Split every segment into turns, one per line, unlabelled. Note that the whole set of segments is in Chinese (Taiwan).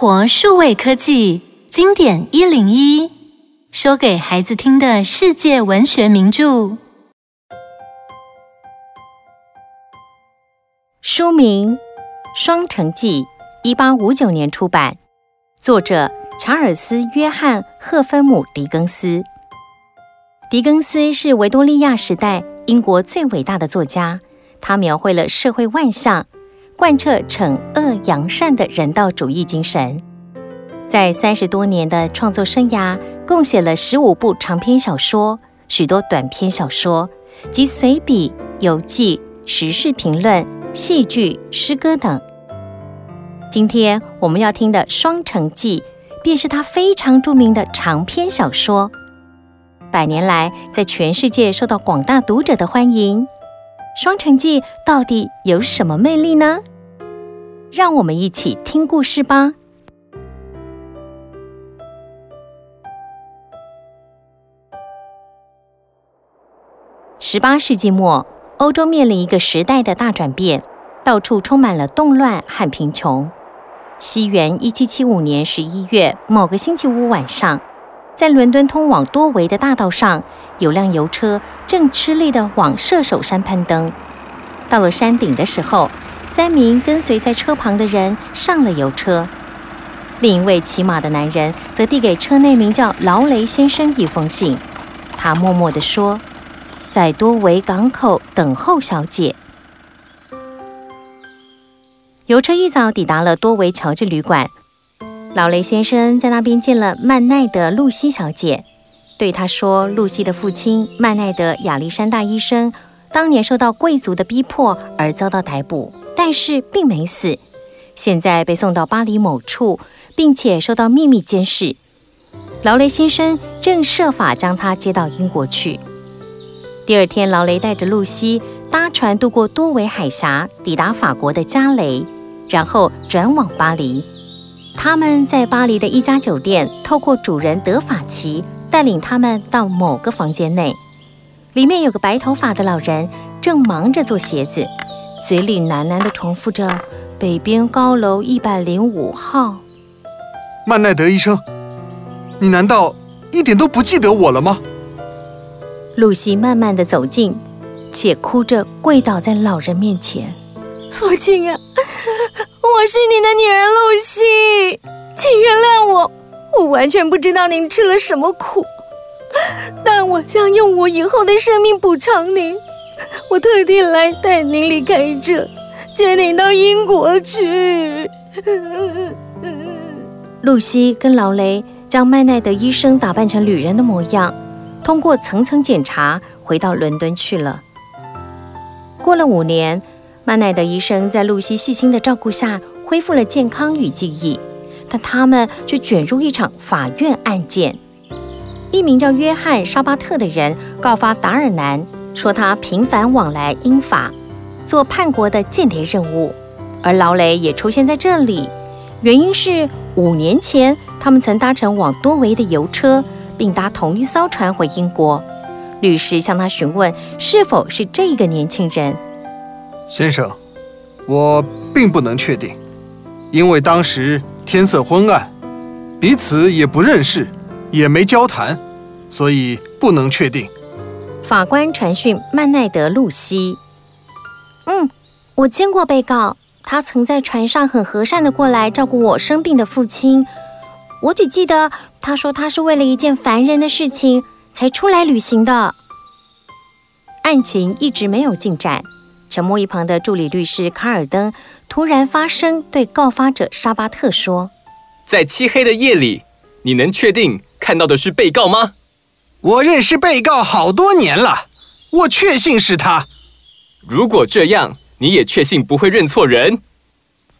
活數位科技經典一零一，說給孩子聽的世界文學名著。書名《雙城記》，一八五九年出版，作者查爾斯·約翰·赫芬姆·狄更斯。狄更斯是維多利亞時代英國最偉大的作家，他描繪了社會萬象。貫徹懲惡揚善的人道主義精神，在三十多年的創作生涯，共寫了十五部長篇小說、許多短篇小說及隨筆、遊記、時事評論、戲劇、詩歌等。今天我們要聽的《雙城記》，便是他非常著名的長篇小說，百年來在全世界受到廣大讀者的歡迎。《雙城記》到底有什麼魅力呢？讓我們一起聽故事吧。十八世紀末，歐洲面臨一個時代的大轉變，到處充滿了動亂和貧窮。西元一七七五年十一月某個星期五晚上，在倫敦通往多維的大道上，有輛郵車正吃力地往射手山攀登。到了山頂的時候，三名跟隨在車旁的人上了郵車，另一位騎馬的男人則遞給車內名叫勞雷先生一封信。他默默地說：“在多維港口等候小姐。”郵車一早抵達了多維喬治旅館，勞雷先生在那邊見了曼奈德·露西小姐，對她說：“露西的父親曼奈德·亞歷山大醫生，當年受到貴族的逼迫而遭到逮捕。”但是並沒死，現在被送到巴黎某處，並且受到秘密監視。勞雷先生正設法將他接到英國去。第二天，勞雷帶着露西搭船渡過多維海峽，抵達法國的加雷，然後轉往巴黎。他們在巴黎的一家酒店，透過主人德法奇帶領他們到某個房間內，裡面有個白頭髮的老人正忙着做鞋子。嘴裡喃喃地重複着：“北邊高樓一百零五號，
曼奈德醫生，你難道一點都不記得我了嗎？”
露西慢慢地走近，且哭着跪倒在老人面前：“父親啊，我是你的女兒，露西，請原諒我，我完全不知道您吃了什麼苦，但我將用我以後的生命補償您。”我特地來帶您離開這，接您到英國去。 露西跟勞雷將麥奈德醫生打扮成旅人的模樣，通過層層檢查，回到倫敦去了。過了五年，曼奈德醫生在露西細心的照顧下恢復了健康與記憶，但他們卻捲入一場法院案件。一名叫約翰·沙巴特的人告發達爾南。說他頻繁往來英法，做叛國的間諜任務，而勞雷也出現在這裡。原因是五年前，他們曾搭乘往多維的郵車，並搭同一艘船回英國。律師向他詢問是否是這個年輕人，
先生，我並不能確定，因為當時天色昏暗，彼此也不認識，也沒交談，所以不能確定。
法官傳訊曼奈德·露西。嗯，我見過被告，他曾在船上很和善地過來照顧我生病的父親。我只記得他說他是為了一件煩人的事情才出來旅行的。案情一直沒有進展，沉默一旁的助理律師卡爾登突然發聲，對告發者沙巴特說：“
在漆黑的夜裡，你能確定看到的是被告嗎？”
我認識被告好多年了，我確信是他。
如果這樣，你也確信不會認錯人。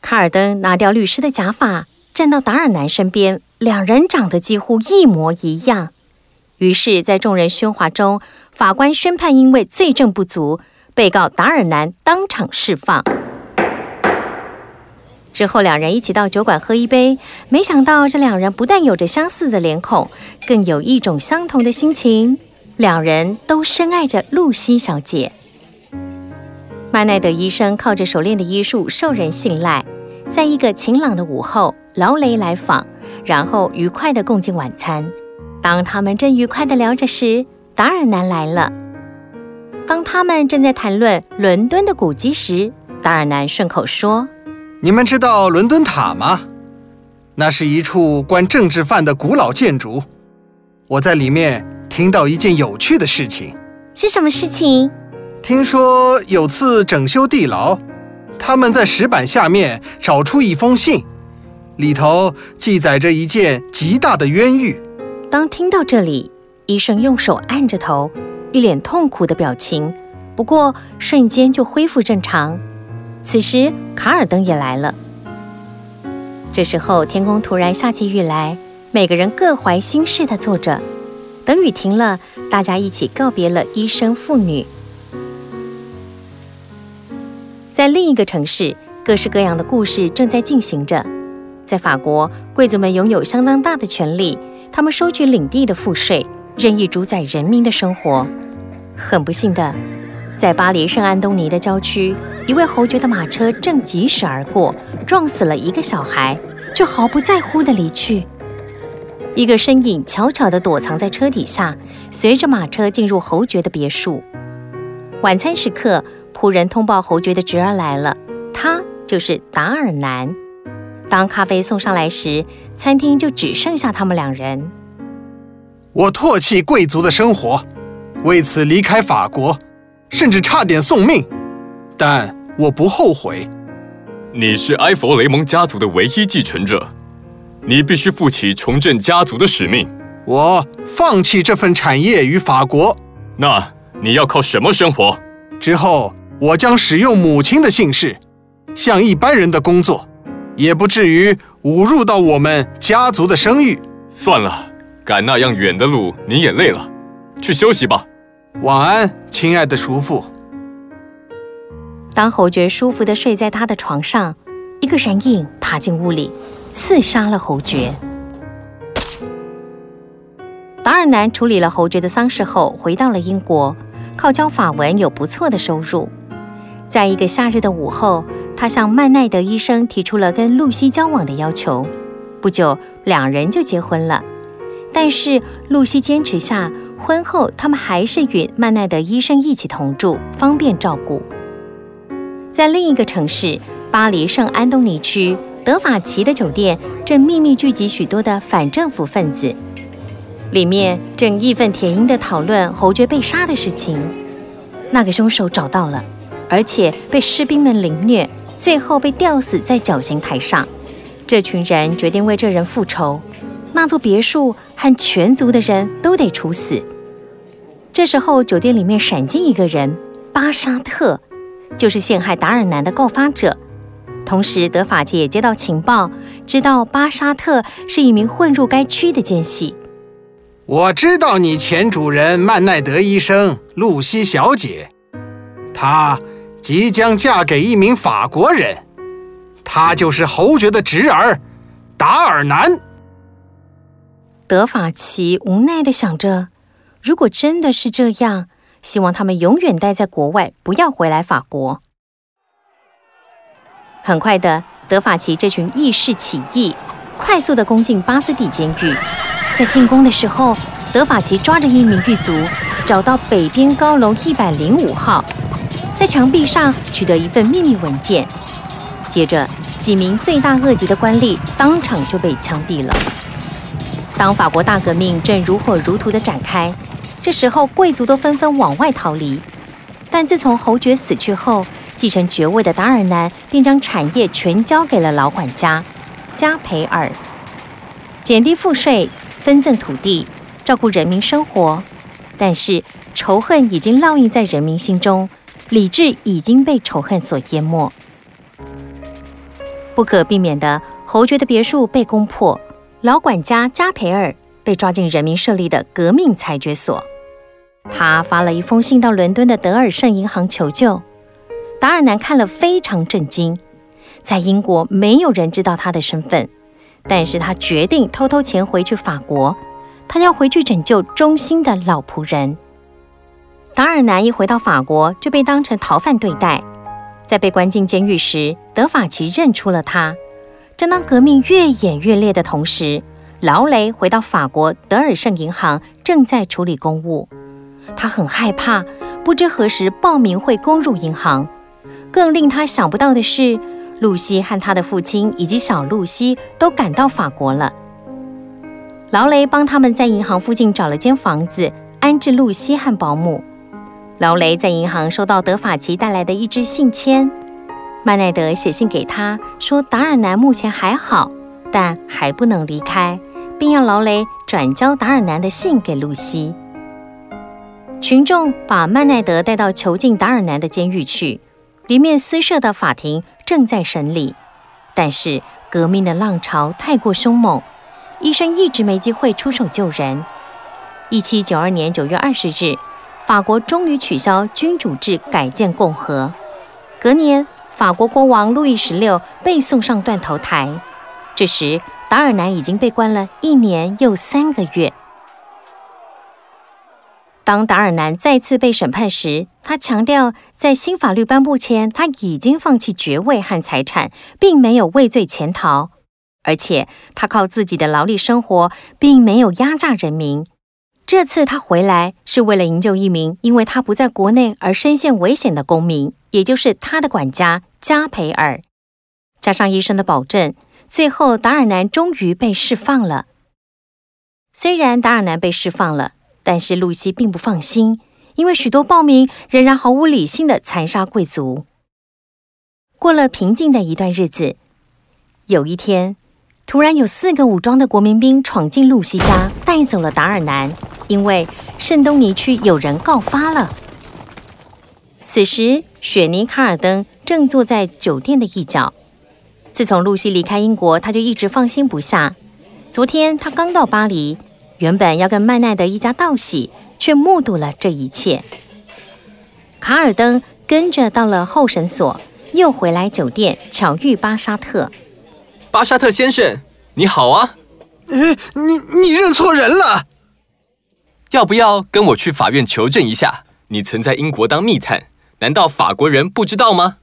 卡爾登拿掉律師的假髮，站到達爾南身邊，兩人長得幾乎一模一樣。於是，在眾人喧嘩中，法官宣判，因為罪證不足，被告達爾南當場釋放。之後，兩人一起到酒館喝一杯。沒想到，這兩人不但有着相似的臉孔，更有一種相同的心情。兩人都深愛着露西小姐。曼奈德醫生靠着熟練的醫術受人信賴。在一個晴朗的午後，勞雷來訪，然後愉快地共進晚餐。當他們正愉快地聊着時，達爾南來了。當他們正在談論倫敦的古蹟時，達爾南順口說。你們知道倫敦塔
嗎？那是一處關政治犯的古老建築。我在裡面聽到一件有趣的事情。
是什麼事情？聽說
有次整修地牢，他們在石板下面找出一封信，裡頭記載着一件極大的冤獄。
當聽到這裡，醫生用手按着頭，一臉痛苦的表情，不過瞬間就恢復正常。此時，卡爾登也來了。這時候，天空突然下起雨來，每個人各懷心事的坐着。等雨停了，大家一起告別了醫生父女。在另一個城市，各式各樣的故事正在進行着。在法國，貴族們擁有相當大的權力，他們收取領地的賦稅，任意主宰人民的生活。很不幸的，在巴黎聖安東尼的郊區，一位侯爵的馬車正疾駛而過，撞死了一個小孩，卻毫不在乎的離去。一個身影悄悄的躲藏在車底下，隨着馬車進入侯爵的別墅。晚餐時刻，僕人通報侯爵的侄兒來了，他就是達爾南。當咖啡送上來時，餐廳就只剩下他們兩人。我
唾棄貴族的生活，為此離開法國，甚至差點送命。但。我不後悔。
你是埃佛雷蒙家族的唯一繼承者，你必須負起重振家族的使命。
我放棄這份產業與法國，
那你要靠什麼生活？
之後我將使用母親的姓氏，像一般人的工作，也不至於侮辱到我們家族的聲譽。
算了，趕那樣遠的路，
你也累了，去休息吧。晚安，親愛的叔父。
當侯爵舒服的睡在他的床上，一個人影爬進屋裡，刺殺了侯爵。達爾南處理了侯爵的喪事後，回到了英國，靠教法文有不錯的收入。在一個夏日的午後，他向曼奈德醫生提出了跟露西交往的要求。不久，兩人就結婚了。但是露西堅持下，婚後他們還是與曼奈德醫生一起同住，方便照顧。在另一個城市，巴黎聖安東尼區德法奇的酒店正秘密聚集許多的反政府分子，裡面正義憤填膺地討論侯爵被殺的事情。那個凶手找到了，而且被士兵們凌虐，最後被吊死在絞刑台上。這群人決定為這人復仇，那座別墅、和全族的人都得處死。這時候，酒店裡面閃進一個人，巴沙特。就是陷害達爾南的告發者，同時德法奇也接到情報，知道巴沙特是一名混入該區的奸細。
我知道你前主人曼奈德醫生，露西小姐，她即將嫁給一名法國人，他就是侯爵的侄兒達爾南
德法奇無奈地想着，如果真的是這樣。希望他們永遠待在國外，不要回來法國。很快的，德法奇這群義士起義，快速的攻進巴士底監獄。在進攻的時候，德法奇抓着一名獄卒，找到北邊高樓一百零五號，在牆壁上取得一份秘密文件。接着，幾名罪大惡極的官吏當場就被槍斃了。當法國大革命正如火如荼的展開。這時候，貴族都紛紛往外逃離。但自從侯爵死去後，繼承爵位的達爾南便將產業全交給了老管家加培爾，減低賦稅，分贈土地，照顧人民生活。但是仇恨已經烙印在人民心中，理智已經被仇恨所淹沒。不可避免的，侯爵的別墅被攻破，老管家加培爾被抓進人民設立的革命裁決所。他發了一封信到倫敦的德爾勝銀行求救。達爾南看了非常震驚，在英國沒有人知道他的身份，但是他決定偷偷潛回去法國。他要回去拯救忠心的老僕人。達爾南一回到法國就被當成逃犯對待。在被關進監獄時，德法奇認出了他。正當革命越演越烈的同時，勞雷回到法國，德爾勝銀行正在處理公務。他很害怕，不知何時暴民會攻入銀行。更令他想不到的是，露西和她的父親以及小露西都趕到法國了。勞雷幫他們在銀行附近找了間房子安置露西和保姆。勞雷在銀行收到德法奇帶來的一支信簽，曼奈德寫信給他說，達爾南目前還好，但還不能離開，並要勞雷轉交達爾南的信給露西。群眾把曼奈德帶到囚禁達爾南的監獄去，裡面私設的法庭正在審理。但是革命的浪潮太過兇猛，醫生一直沒機會出手救人。一七九二年九月二十日，法國終於取消君主制，改建共和。隔年，法國國王路易十六被送上斷頭台。這時，達爾南已經被關了一年又三個月。當達爾南再次被審判時，他強調，在新法律頒布前，他已經放棄爵位和財產，並沒有畏罪潛逃，而且他靠自己的勞力生活，並沒有壓榨人民。這次他回來是為了營救一名因為他不在國內而深陷危險的公民，也就是他的管家加培爾。加上醫生的保證，最後達爾南終於被釋放了。雖然達爾南被釋放了。但是露西並不放心，因為許多暴民仍然毫無理性地殘殺貴族。過了平靜的一段日子，有一天，突然有四個武裝的國民兵闖進露西家，帶走了達爾南，因為聖東尼區有人告發了。此時，雪尼卡爾登正坐在酒店的一角。自從露西離開英國，他就一直放心不下。昨天，他剛到巴黎。原本要跟麥奈德一家道喜，卻目睹了這一切。卡爾登跟着到了候審所，又回來酒店，巧遇巴沙特。
巴沙特先生，你好啊！
呃，你你認錯人
了。要不要跟我去法院求證一下？你曾在英國當密探，難道法國人不知道嗎？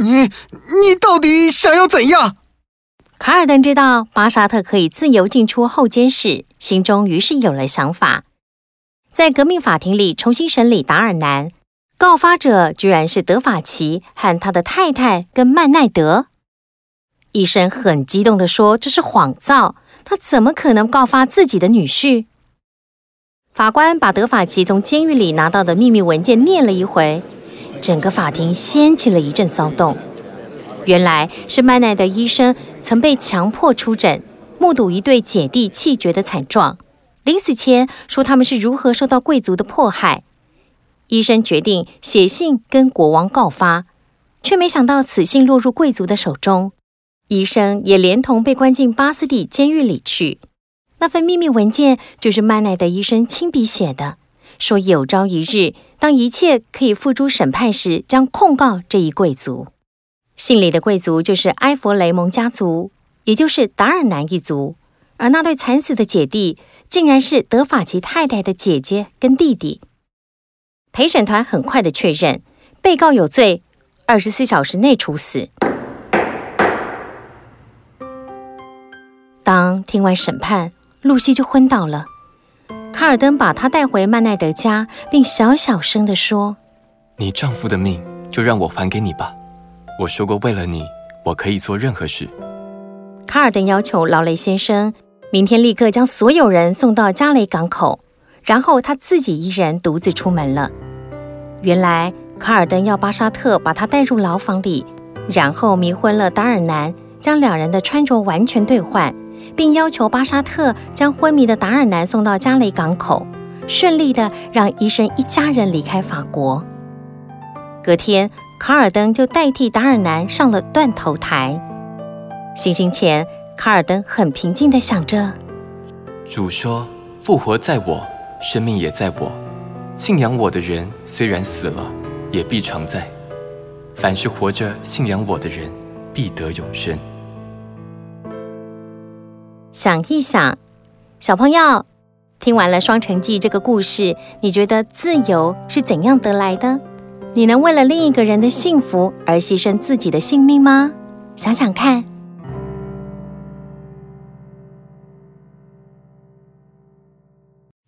你你到底想要怎樣？卡爾登知道巴沙特可以自由進出候監室。心中於是有了想法，在革命法庭裡重新審理達爾南，告發者居然是德法奇和他的太太跟曼奈德。醫生很激動地說：“這是謊造，他怎麼可能告發自己的女婿？”法官把德法奇從監獄裡拿到的秘密文件念了一回，整個法庭掀起了一陣騷動。原來是曼奈德醫生曾被強迫出診。目睹一對姐弟氣絕的慘狀，臨死前說他們是如何受到貴族的迫害。醫生決定寫信跟國王告發，卻沒想到此信落入貴族的手中。醫生也連同被關進巴斯蒂監獄裡去。那份秘密文件就是曼奈德醫生親筆寫的，說有朝一日，當一切可以付諸審判時，將控告這一貴族。信裡的貴族就是埃弗雷蒙家族。也就是達爾南一族，而那對慘死的姐弟，竟然是德法奇太太的姐姐跟弟弟。陪審團很快的確認被告有罪，二十四小時內處死。當聽完審判，露西就昏倒了。卡爾登把她帶回曼奈德家，並小小聲的說：“
你丈夫的命就讓我還給你吧。我說過，為了你，我可以做任何事。”
卡爾登要求勞雷先生明天立刻將所有人送到加雷港口，然後他自己一人獨自出門了。原來，卡爾登要巴沙特把他帶入牢房裡，然後迷昏了達爾南，將兩人的穿着完全對換，並要求巴沙特將昏迷的達爾南送到加雷港口，順利的讓醫生一家人離開法國。隔天，卡爾登就代替達爾南上了斷頭臺。行刑前，卡爾登很平靜的想着：“
主說，復活在我，生命也在我。信仰我的人，雖然死了，也必常在。凡是活着信仰我的人，必得永生。”
想一想，小朋友，聽完了《雙城記》這個故事，你覺得自由是怎樣得來的？你能為了另一個人的幸福而犧牲自己的性命嗎？想想看。